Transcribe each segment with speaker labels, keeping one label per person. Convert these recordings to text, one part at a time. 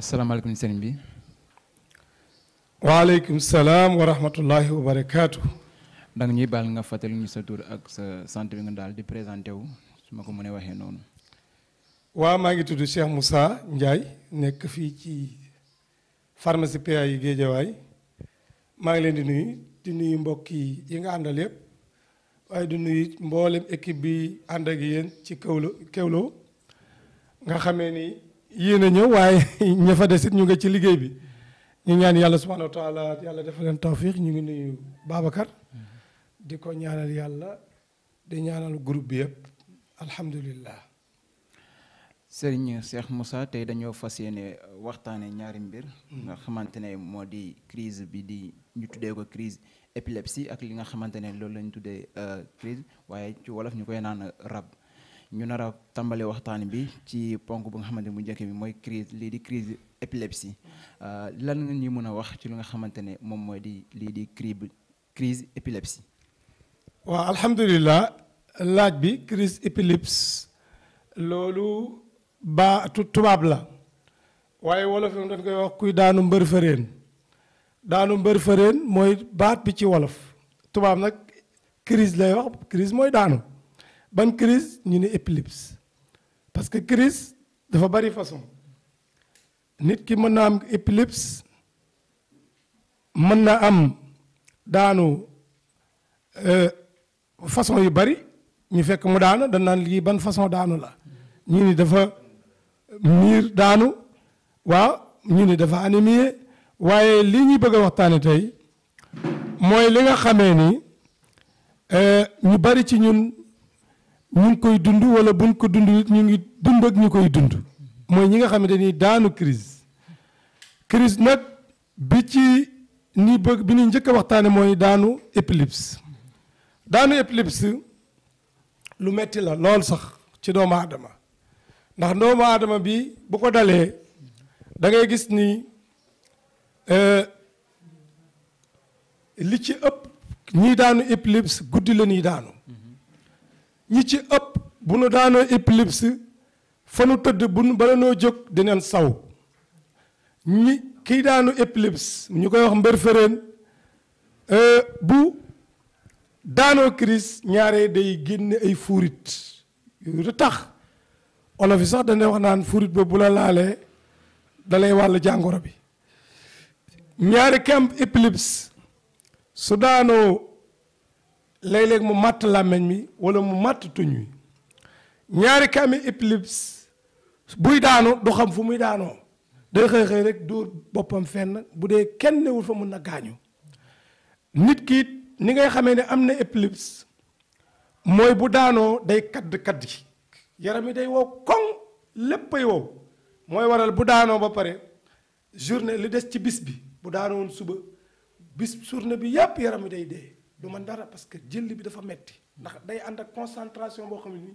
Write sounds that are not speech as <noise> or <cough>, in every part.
Speaker 1: asalaamaaleykum sëriñ bi. waaleykum salaam wa rahmatullahi wa barakaatu. ndax ñuy baal nga fàttali sa tur ak sa sant bi nga daal di présenté wu su ma ko mënee waxee noonu.
Speaker 2: waa maa ngi tudd Cheikh Moussa Ndiaye nekk fii ci pharmacie PA yi Géejawaay maa ngi leen di nuyu di nuyu mbokk yi nga àndal yëpp waaye di nuyu mbooleem équipe bi àndak ak ci Kewlo Kewlo nga xamee ni. yéen a ñëw waaye <laughs> ña fa desit ñu nga ci liggéey bi ñu ñaan yàlla subhaana wa yàlla dafa leen tawfiq ñu ngi nuyu Babacar di ko ñaanal yàlla di ñaanal groupe bi yëpp alhamdulillah
Speaker 1: Sëriñ Cheikh Moussa tey dañoo fas yéene waxtaane ñaari mbir mm-hmm. nga xamante ne moo di crise bi di ñu tuddee ko crise épilepsie ak li nga xamante ne loolu lañ tuddee euh, crise waaye ci wolof ñu koy naan rab ñu nar a tàmbale waxtaan bi ci ponk bu nga xamante mu njëkk bi mooy crise lii di crise épilepsie euh, lan nga ñu mën a wax ci lu nga xamante ne moom mooy di lii di crise
Speaker 2: crise épilepsie waaw alhamdulilah laaj bi crise épilepsie loolu baa tubaab la waaye wolof yi dañ koy wax kuy daanu mbër fëreen daanu mbër fëreen mooy baat bi ci wolof tubaab nag crise lay wax crise mooy daanu ban crise ñu ne épilepsie parce que crise dafa bari façon nit ki mën naa am épilepsie mën na am daanu euh, façon yu bari ñu fekk mu daanu dañ lii ban façon daanu la ñu ni dafa miir daanu waaw ñu ni dafa anémie waaye lii ñuy bëgg a waxtaane tey mooy li nga xamee ni euh, ñu bari ci ñun ñu ngi koy dund wala buñ ko dund ñu ngi dund ak ñu koy dund mooy ñi nga xamante ni daanu crise crise nag bi ci ni bëgg bi ni njëkk a waxtaane mooy daanu épilepsie daanu épilepsie lu metti la lool sax ci doomu aadama ndax doomu aadama bi bu ko dalee da ngay gis ni euh, li ci ëpp ñiy daanu épilepsie guddi la ñuy daanu ñi ci ëpp bu nu daanoo épilepsie fa nu tëdd bu nu bala noo jóg dinañ saw ñi kii daanu épilepsie ñu koy wax mbër fëreen euh, bu daanoo crise ñaare day génne ay fuurit yu tax olof yi sax dañ wax naan fuurit boobu bu la laalee dalay wàll jàngoro bi ñaari kemp épilepsie su daanoo léeg-léeg mu màtt làmmiñ mi wala mu màtt tuñ wi ñaari ki amee épilepsie buy daanu du xam fu muy daanoo day xëy xëy rek dóor boppam fenn bu dee kenn newul fa mun na gaañu nit ki ni ngay xamee ne am na épilepsie mooy bu daanoo day kadd kadd yi yaram yi day wow koŋ léppay wow mooy waral bu daanoo ba pare journée li des ci bis bi bu daanoon suba bis journée bi yépp yaram yi day dee du man dara parce que jël bi dafa metti ndax day ànd ak concentration boo xam ne ni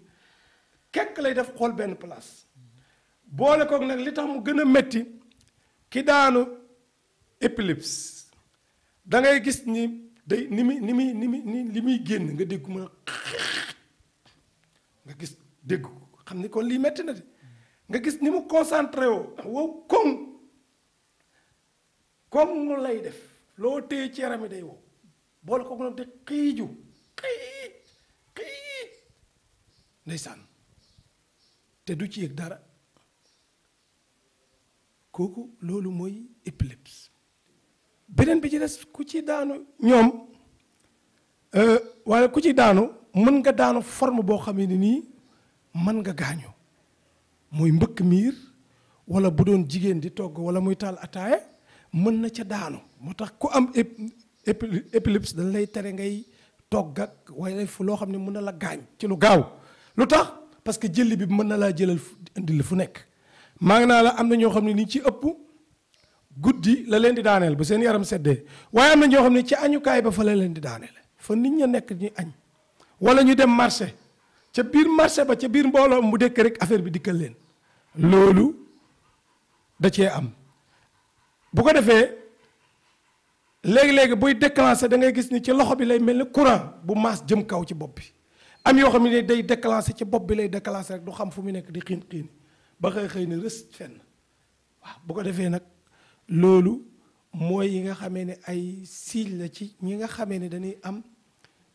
Speaker 2: kekk lay def xool benn place boole koog nag li tax mu gën metti ki daanu da ngay gis ni day ni mi ni mi ni mi ni li muy génn nga dégg mu nga gis dégg xam ni kon lii metti na nga gis ni mu concentré woo wow koŋ koŋ lay def loo téye ci day boole ko nag di xiiju xiij ndeysaan te du ci yëg dara kooku loolu mooy épilepsie beneen bi ci des ku ci daanu ñoom euh, waaye ku ci daanu mën nga daanu forme boo xam ne nii mën nga gaañu mooy mbëkk miir wala bu doon jigéen di togg wala muy taal ataaya mën na ca daanu moo tax ku am épilepsie dañ lay tere ngay togg waaye fu loo xam ne mun na la gaañ ci lu gaaw lu tax parce que jëli bi mën na laa jëlal indi la fu nekk maa ngi naa la am na ñoo xam ne ni ci ëpp guddi la leen di daaneel bu seen yaram seddee waaye am na ñoo xam ne ci añukaay ba fa la leen di daaneel fa nit ña nekk ñu añ wala ñu dem marché ca biir marché ba ca biir mbooloo mu dëkk rek affaire bi dikkal leen loolu da cee am bu ko defee léegi-léegi buy déclenché da ngay gis ni ci loxo bi lay mel ni courant bu maas jëm kaw ci bopp bi am yoo xam ne day déclenché ci bopp bi lay déclenché rek du xam fu mu nekk di xiin xiin ba xëy xëy na rës fenn waaw bu ko defee nag loolu mooy yi nga xamee ne ay signe la ci ñi nga xamee ne dañuy am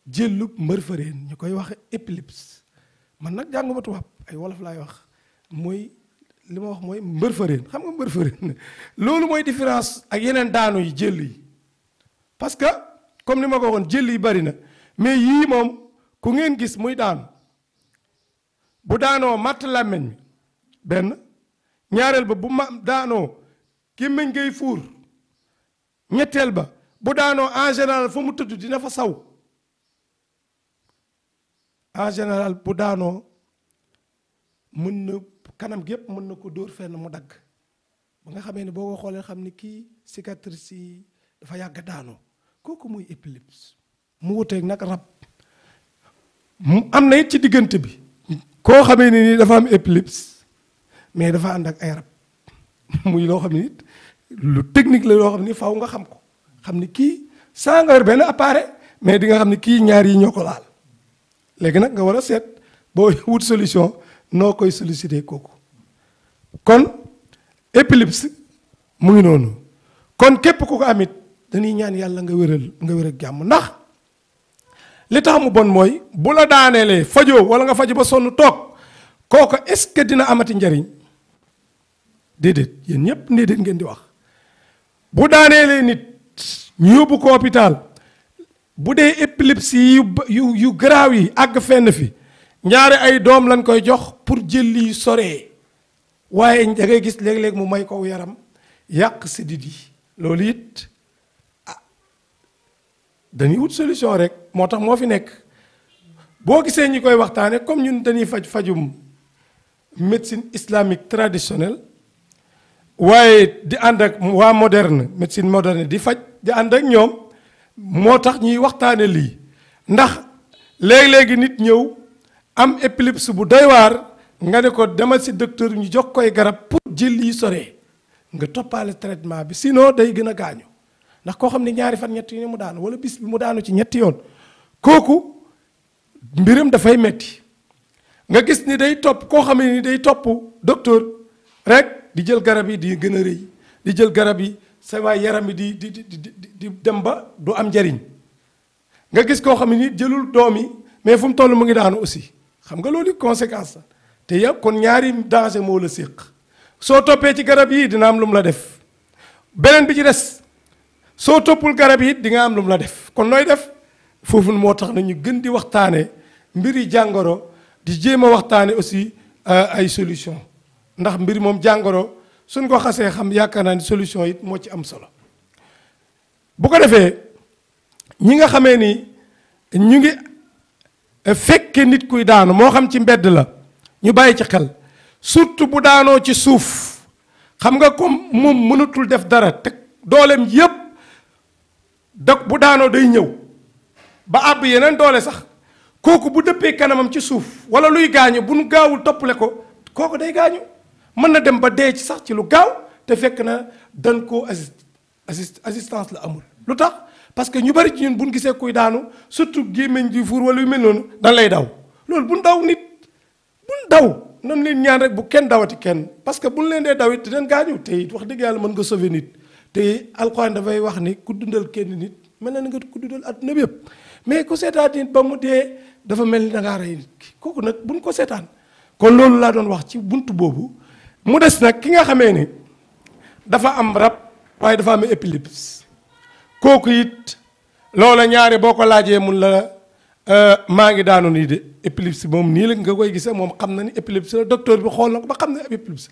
Speaker 2: jëllub mbër fëreen ñu koy wax épilepsie man nag jànguma tubaab ay wolof laay wax mooy li ma wax mooy mbër fëreen xam nga mbër fëreen loolu mooy différence ak yeneen daanu yi jëll yi parce que comme ni ma ko waxoon jël yi bari na mais yii moom ku ngeen gis muy daanu bu daanoo matt làmmiñ mi benn ñaareel ba bu ma daanoo gémmiñ gay fuur ñetteel ba bu daanoo en général fa mu tëdd dina fa saw en général bu daanoo mën na kanam gépp mën na ko dóor fenn mu dagg ba nga xamee ne boo ko xoolee xam ni kii cicatrice yi dafa yàgg daanoo kooku muy épilepsie mu wuteeg nag rab mu am na it ci diggante bi koo xamee ne nii dafa am épilepsie mais dafa ànd ak ay rab <laughs> muy loo xam ne lu technique la loo xam ne faw nga xam ko xam ni kii saa nga yor benn appareil mais di nga xam ne kii ñaar yi ñoo ko laal léegi nag nga war a seet boo <laughs> wut solution noo koy solliciter kooku kon épilepsie mu ngi noonu kon képp ku ko amit dañuy ñaan yàlla nga wéral nga wér jàmm ndax li tax mu bon mooy bu la daaneelee fajoo wala nga faju ba sonn toog kooka est dina amati njariñ déedéet yéen ñëpp déedéet ngeen di wax bu daaneelee nit ñu yóbbu ko hôpital bu dee épilepsie yu yu yu garaaw yi àgg fenn fi ñaari ay doom lañ koy jox pour jël yu soree waaye dangay gis léeg-léeg mu may kow yaram yàq sidit yi loolu it dañuy wut solution rek moo tax moo fi nekk boo gisee ñi koy waxtaane comme ñun dañuy faj fajum médecine islamique traditionnelle waaye di ànd ak waa moderne médecine moderne di faj di ànd ak ñoom moo tax ñuy waxtaane lii ndax léegi-léegi nit ñëw am épilepsie bu doy waar nga ne ko demal si docteur ñu jox koy garab pour jël yi sore nga toppale traitement bi sinon day gën a gaañu ndax koo xam ne ñaari fan ñetti yi mu daanu wala bis bi mu daanu ci ñetti yoon kooku mbiram dafay metti nga gis ni day topp koo xam ne ni day topp docteur rek di jël garab yi di gën a rëy di jël garab yi sa waay yaram bi di di di di dem ba du am njariñ nga gis koo xam ne ni jëlul doom yi mais fu mu toll mu ngi daanu aussi xam nga loolu conséquence la te yow kon ñaari danger moo la séq soo toppee ci garab yii dina am lu mu la def beneen bi ci des soo toppul garab yi dinga nga am lu mu la def kon nooy def foofu moo tax na gën di waxtaanee mbiri jàngoro di jéem a waxtaane aussi euh, ay solution ndax mbir moom jàngoro suñ ko xasee xam yaakaar naa ni solution it moo ci am solo bu ko defee ñi nga xamee ni ñu ngi fekke nit kuy daanu moo xam ci mbedd la ñu bàyyi ci xel surtout bu daanoo ci suuf xam nga comme moom mënatul def dara teg dooleem yépp dog bu daanoo day ñëw ba àbb yeneen doole sax kooku bu dëppee kanamam ci suuf wala luy gaañu bu nu gaawul toppale ko kooku day gaañu mën na dem ba dee ci sax ci lu gaaw te fekk na dan koo assist assistance la amul lu tax parce que ñu bari ci ñun buñ gisee kuy daanu surtout gémmiñ ji fuur wala yu mel noonu dan lay daw loolu buñ daw nit buñ daw nan leen ñaan rek bu kenn dawati kenn parce que buñ leen dee daw it dinañ gaañu te wax dëgg yàlla mën nga sauver te alxuraan dafay wax ni ku dundal kenn nit mel na nga ku dundal adduna bi yëpp mais ku seetaan nit ba mu dee dafa mel ni da ngaa rey kooku nag buñ ko seetaan kon loolu laa doon wax ci buntu boobu mu des nag ki nga xamee ni dafa am rab waaye dafa am épilepsie kooku it loola ñaari boo ko laajee mun la euh, maa ngi daanu nii de épilepsie moom nii la nga koy gise moom xam na ni épilepsie la docteur bi xool na ko ba xam ne ab épilepsie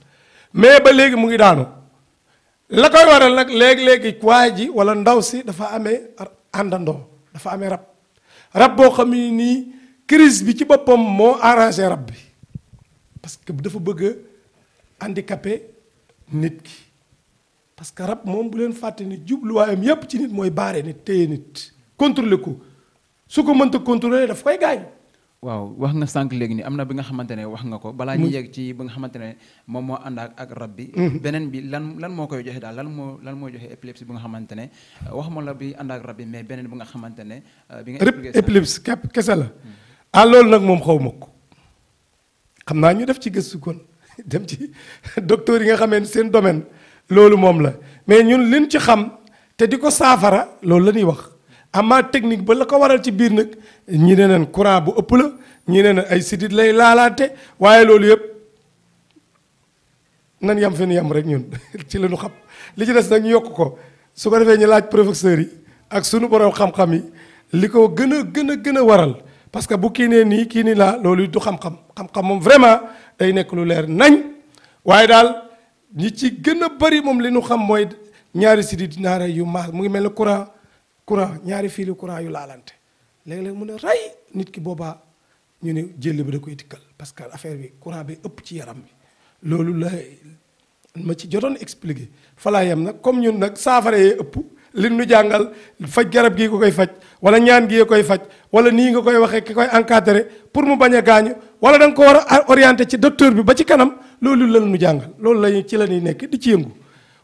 Speaker 2: mais ba léegi mu ngi daanu la koy waral nag léegi-léegi waa ji wala ndaw si dafa amee àndandoo dafa amee rab rab boo xam ne nii crise bi ci boppam moo arrangé rab bi parce que dafa bëgg a handicapé nit ki parce que rab moom bu leen fàtte ni jubluwaayam yépp ci nit mooy baare nit téye nit contrôler ko su ko mënta contrôler daf koy gaañ
Speaker 1: waaw wax nga sànq léegi ni am na bi nga xamante ne wax nga ko balaa ñu yegg ci bi nga xamante ne moom moo ànd ak ak rab bi mm-hmm. beneen bi lan lan moo koy joxe daal lan moo lan moo joxe épilepsie bi nga xamante ne wax ma la bi ànd ak rab bi mais beneen bi nga xamante ne euh, bi nga rëpp épilepsie
Speaker 2: kep kese la mm. ah loolu nag moom xaw ma ko xam naa ñu def ci gëstu kon <laughs> dem ci <laughs> docteur yi nga xamee ni seen domaine loolu moom la mais ñun liñ ci xam te di ko saafara loolu la ñuy wax amaa technique ba la ko waral ci biir nag ñi ne neen courant bu ëpp la ñi ne neen ay sidit lay laalaate waaye loolu yëpp nan yam fi nu yam rek ñun <laughs> ci la xam li ci des nag ñu yokk ko su ko defee ñu laaj professeurs yi ak sunu borom xam yi li ko gën a gën a gën a waral parce que bu kii nii kii nii laa loolu du xam-xam xam-xam moom vraiment ay nekk lu leer nañ waaye daal ñi ci gën a bari moom li nu xam mooy ñaari sidit ñaare yu maas mu ngi mel ne courant courant ñaari fili courant yu laalante leg leg mu ne ray nit ki boba ñu ne jël bi da koy tikkal parce que affaire bi courant bi ëpp ci yaram bi lolu la ma ci jotton expliquer fala yam nak comme ñun nak saafara ëpp li nu jangal faj garab gi ko koy faj wala ñaan gi koy faj wala ni nga koy waxe ki koy encadrer pour mu baña a wala dang ko wara orienter ci docteur bi ba ci kanam lolu la nu jangal lolu la ci la ni nek di ci yëngu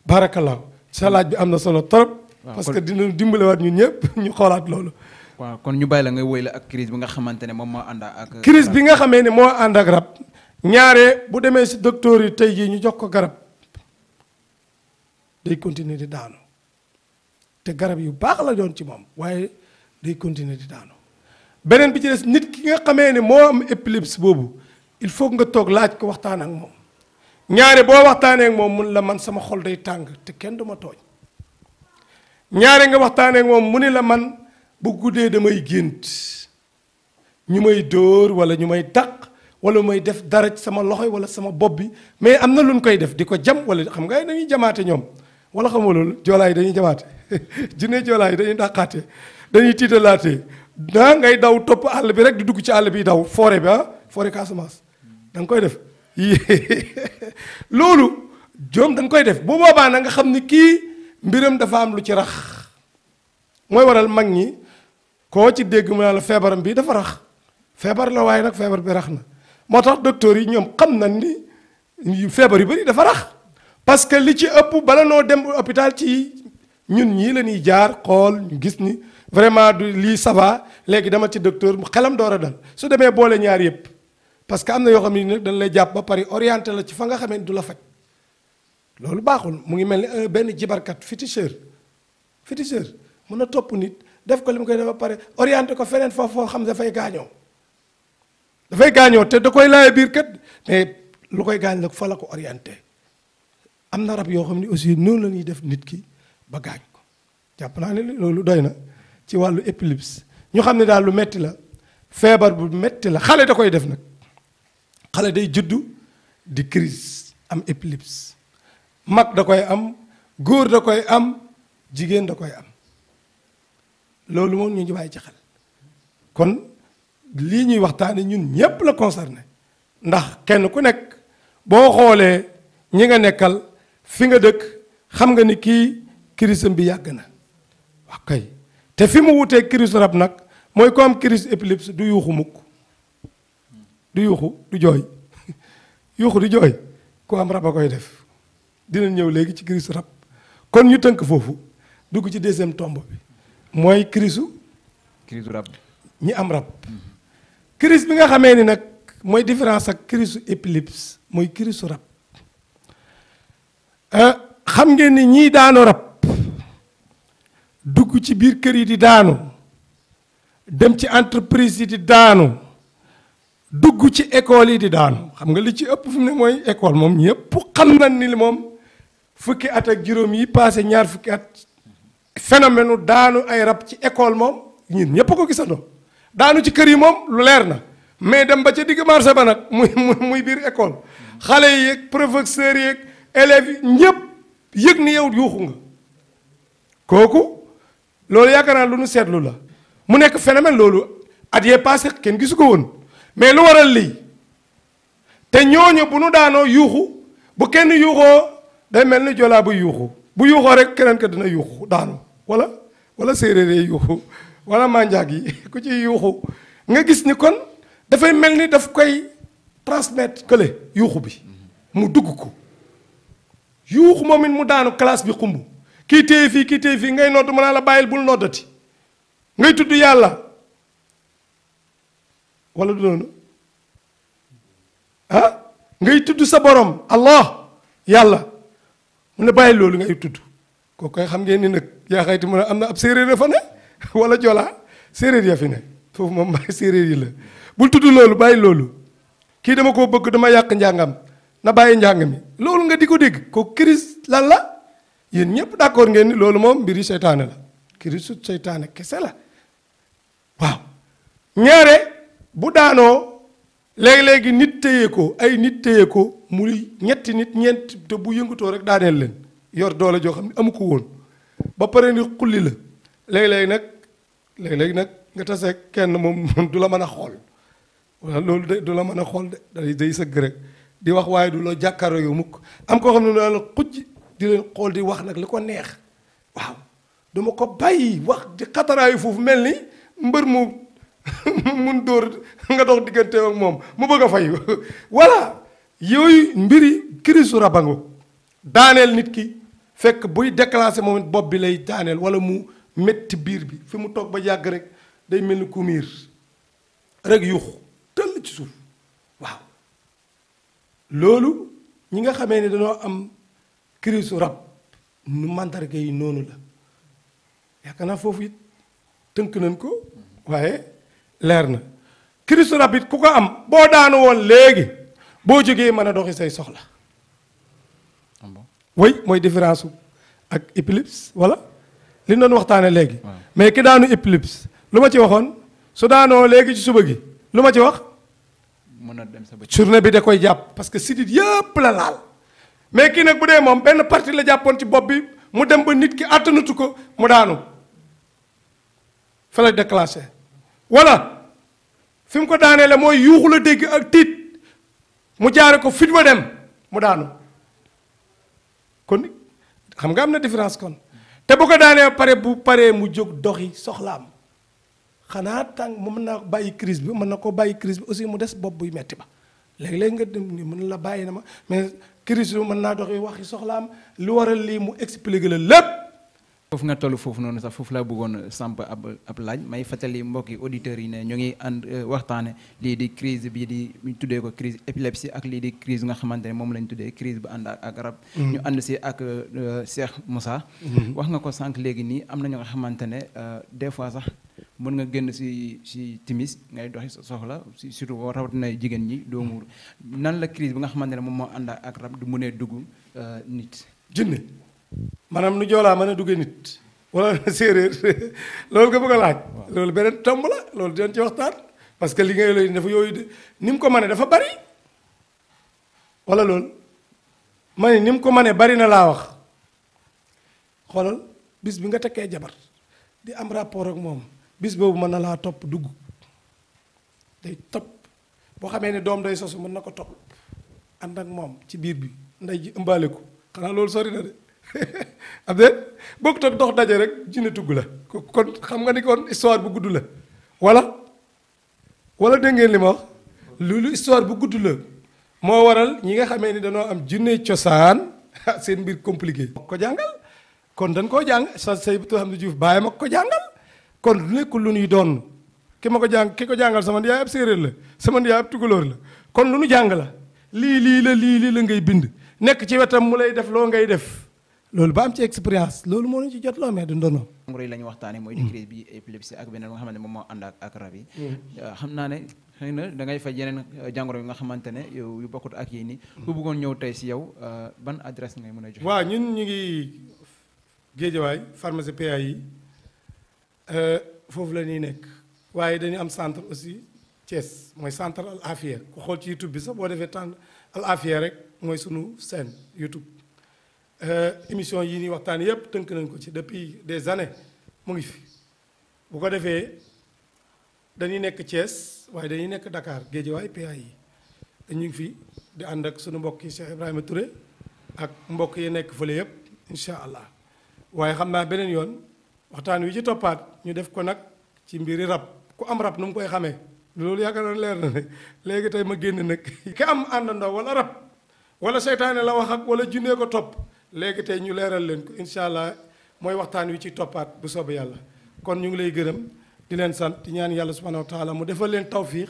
Speaker 2: barakallahu salat bi amna solo torop parce que dina dimbalewaat ñun ñëpp <laughs> ñu xoolaat loolu.
Speaker 1: waaw kon ñu bàyyi la ngay woy la ak crise bi nga xamante ne moom moo ànd ak. crise bi
Speaker 2: nga xamee ne moo ànd ak rab. ñaare bu demee si docteur yi tey jii ñu jox ko garab day continuer di daanu te garab yu baax la doon ci moom waaye day continuer di daanu beneen bi ci des nit ki nga xamee ne moo am épilepsie boobu il faut nga toog laaj ko waxtaan ak moom ñaare boo waxtaanee moom mun la man sama xol day tàng te kenn du ma tooñ. ñaare nga waxtaane ak moom mu ni la man bu guddee damay gént ñu may dóor wala ñu may dàq wala may def dara ci sama loxoy wala sama bopp bi mais am na luñ koy def di ko jam wala xam nga dañuy jamaate ñoom wala xamoo loolu joolaay dañuy jamaate <laughs> jinne joolaay dañuy dàqaate dañuy tiitalaatee da ngay daw topp àll bi rek di dugg ci àll bi daw forêt bi ah forêt Casamance da koy def <laughs> loolu joom da koy def bu boobaa na nga xam ni mbiram dafa am lu ci rax mooy waral mag ñi koo ci dégg mu ne la feebaram bii dafa rax feebar la waaye nag feebar bi rax na moo tax docteur yi ñoom xam nañ ni feebar yu bëri dafa rax parce que li ci ëpp bala noo dem hôpital ci ñun ñii la ñuy jaar xool gis ni vraiment du lii ça va léegi dama ci docteur mu xelam door a dal su demee boole ñaar yëpp parce que am na yoo xam ne nag dañ lay jàpp ba pare orienté la ci fa nga xamee du la faj. loolu baaxul mu ngi mel ni benn jibarkat féticheur féticheur mën a topp nit def ko li mu koy def ba pare orienté ko feneen foofu foo xam dafay gaañoo dafay gaañoo te da koy laaye biir kat mais lu koy gaañ la fa la ko orienté am na rab yoo xam ne aussi noonu la ñuy def nit ki ba gaañ ko jàpp naa ne loolu doy na ci wàllu épilepsie ñu xam ne daal lu metti la feebar bu metti la xale da koy def nag xale day juddu di crise am épilepsie mag da koy am góor da koy am jigéen da koy am loolu moom ñu ngi bàyyi ci xel kon lii ñuy waxtaane ñun ñépp la concerné ndax kenn ku nekk boo xoolee ñi nga nekkal fi nga dëkk xam nga ni kii kirisam bi yàgg na wax kay te fi mu wutee kiris rab nag mooy ko am kiris épilepsie du yuuxu mukk du yuuxu du jooy <laughs> yuuxu du jooy ku am rab a koy def dina ñëw léegi ci crise rab kon ñu tënk foofu dugg ci deuxième tombe bi mooy crise crise rab ñi am rab crise bi nga xamee ni nag mooy différence ak crise épilepsie mooy crise rab ah, xam ngeen ni ñii daanu rab dugg ci biir kër yi di daanu dem ci entreprise yi di daanu dugg ci école yi di daanu xam nga li ci ëpp fi mu ne mooy école moom ñëpp xam nañ ni moom fukki at ak juróom yi passé ñaar fukki at phénomène daanu ay rab ci école moom ñun ñépp ko gisandoo daanu ci kër yi moom lu leer na mais dem ba ca digg marché ba nag muy muy biir école xale yi yeeg professeurs yeeg élèves yi ñépp yëg ni yow yuuxu nga kooku loolu yaakaar naa lu nu seetlu la mu nekk phénomène loolu at yee passé kenn gisu ko woon mais lu waral lii te ñooñu bu nu daanoo yuuxu bu kenn yuuxoo day mel ni joolaa bu yuuxu bu yuuxoo rek keneen ka dina yuuxu daanu wala wala séeréer yuuxu wala manjaag yi <laughs> ku ci yuuxu nga gis ni kon dafay mel ni daf koy transmettre kële yuuxu bi mu dugg ko yuuxu moom it mu daanu classe bi xumb kii téye fii kii téye fii ngay nodd mën naa la bàyyil bul noddati ngay tudd yàlla walla du noonu ah? ngay tudd sa borom allah yàlla mu ne bàyyi loolu ngay tudd kooku koy xam ngeen ni nag yaa xayti mu am na ab séeréer ya fa walla <laughs> wala joolaa séeréer ya fi ne foofu moom mbay <laughs> séeréer yi la bul tudd loolu bàyyi loolu kii dama koo bëgg dama yàq njàngam na bàyyi njàng mi loolu nga di ko dégg kooku crise lan la yéen ñëpp d'accord ngeen ni loolu moom mbiri seytaane la crise su seytaane kese la waaw ñaare bu daanoo léegi-léegi nit téye ko ay nit téye ko muy ñetti nit ñeent te bu yëngatoo rek daaneel leen yor doole joo xam ne amu ko woon ba pare ni xulli la léegi-léegi nag léegi-léegi nag nga tase kenn moom <laughs> du la mën a xool wala loolu de du la mën a xool de day day sëgg rek di wax waaye du la jàkkaaroo yu mukk am koo xam ne daal xujj di leen xool di wax nag li ko neex waaw dama ko bàyyi wax di xataraayu foofu mel ni mbër mu <laughs> Mundur nga dox mom, ak mom mu bëgg fayu wala yooyu mbiri kirisu rabango daaneel nit ki fekk buy déclassé momit bob bi lay wala mu metti birbi, bi fi mu toog ba yag rek day melni kumir rek yuux tëll ci suuf waaw lolu ñi nga xamé ni dañoo am kirisu rab nu mandar gay nonu la yakana fofu foofu it nañ ko mm-hmm. waye leer na Christ rapide ku ko am boo daanu woon léegi boo jógee mën a doxi say soxla way ah mooy différence ak épilepsie wala li ñu doon waxtaane léegi mais ki daanu épilepsie lu ma ci waxoon su daanoo léegi ci suba gi lu ma ci wax mën a dem sa bëccëg journée bi de koy jàpp parce que sidit yëpp la laal mais kii nag bu dee moom benn partie la jàppoon ci bopp bi mu dem ba nit ki àttanatu ko mu daanu fa la déclenché wala fim ko daane la moy yuuxu la ak tit mu jaare ko fit dem mu daanu kon xam nga amna na kon te bu ko daane pare bu pare mu jog doxi soxlam xana tang mu meuna naa crise bi mën ko bayi crise bi aussi mu dess bopp bu metti ba leg leg nga dem ni meuna la bàyyi na ma mais crise mu meuna doxi waxi soxlam lu waral li mu expliquer le lepp
Speaker 1: foofu nga tollu foofu noonu sax foofu la bëggoon samp ab ab laaj may mbokk yi auditeurs yi ne ñu ngi and eh, waxtaane lii di crise bi di ñu tuddee ko crise épilepsie ak lii di crise nga xamantene moom lañ tuddee crise bu ànd ak rab mm-hmm. ñu and si ak eh, Cheikh Moussa mm-hmm. wax nga ko sànq léegi nii am na ñu nga eh, des fois sax mën nga génn si si timis ngay doxi soxla surtout rawatina jigéen ñi doo mm-hmm. nan la crise bi nga xamante ne moom moo ànd ak rab du mënee dugg nit jinne
Speaker 2: manam nu jola mën a nit wala <laughs> séeréer lol nga bëgg laaj loolu benen tomb la loolu dinañ ci waxtaan parce que li ngay lay dafa nim ko mane dafa bari wala lol ma nimko ko mane bari na la wax xolal bis bi nga takkee jabar di am rapport ak mom bis bobu man la top dugg day top bo xamé ne dom day sosu man nako top topp ak ci bir bi nday ji ko xanaa sori na de abdel de bokkut ak dox daje rek jinne tugg la kon xam nga ni kon histoire bu gudd wala wala dengen ngeen lulu ma wax loolu histoire bu gudd la waral ñi nga xamee ni dañoo am jinne cosaan <laughs> seen bir compliqué ko jangal kon dañ ko jang sa say bu xam ne juuf bàyyi ma ko jangal kon du lu ñuy doon ki ko jàng ki ko jangal sama ndiyaay ab la sama ndiyaay ab la kon lu nu la lii lii la lii lii la ngay bind Nek ci wetam mu lay def lo ngay def loolu ba am ci expérience loolu moo ñu ci jot loo mais du ndono.
Speaker 1: jàngoro yi la ñu waxtaanee mooy di crise bi épilepsie ak beneen nga xamante ne moom moo ànd ak ak rab yi. Mm-hmm. xam naa ne xëy na da ngay faj yeneen euh, jàngoro yi nga xamante ne yow yu bokkut ak yéen ni ku bëggoon ñëw tey si yow euh, ban adresse ngay mën a joxe.
Speaker 2: waaw ñun ñu ngi Géejawaay pharmacie yi euh, foofu la ñuy nekk waaye dañu am centre aussi Thiès mooy centre Al Afia ku xool ci YouTube bi sax boo defee tànn Al Afia rek mooy sunu seen YouTube. Euh, émission yi ñuy waxtaan yëpp tënk nañ ko ci depuis des années mu ngi fi bu ko defee dañuy nekk Thiès waaye dañuy nekk Dakar Guédiawaye PA yi dañu ngi fi di ànd ak suñu mbokk yi Cheikh Ibrahima Touré ak mbokk yi nekk fële yëpp incha allah waaye xam naa beneen yoon waxtaan wi ci toppaat ñu def ko nag ci mbiri rab ku am rab nu mu koy xamee loolu yaakaar leer na ne léegi tey ma génn nag <laughs> ki am ndaw wala rab wala seytaane la wax ak wala junnee ko topp léegi tey ñu leeral leen ko incha allah mooy waxtaan wi ci toppaat bu soobee yàlla kon ñu ngi lay gërëm di leen sant di ñaan yàlla subhanahu wa taala mu defal leen tawfiix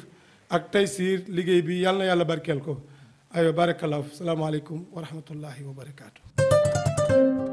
Speaker 2: ak taysiir liggéey bi yàlla na yàlla barkeel ko aywa barakallahu salaamaaleykum wa rahmatullahi wa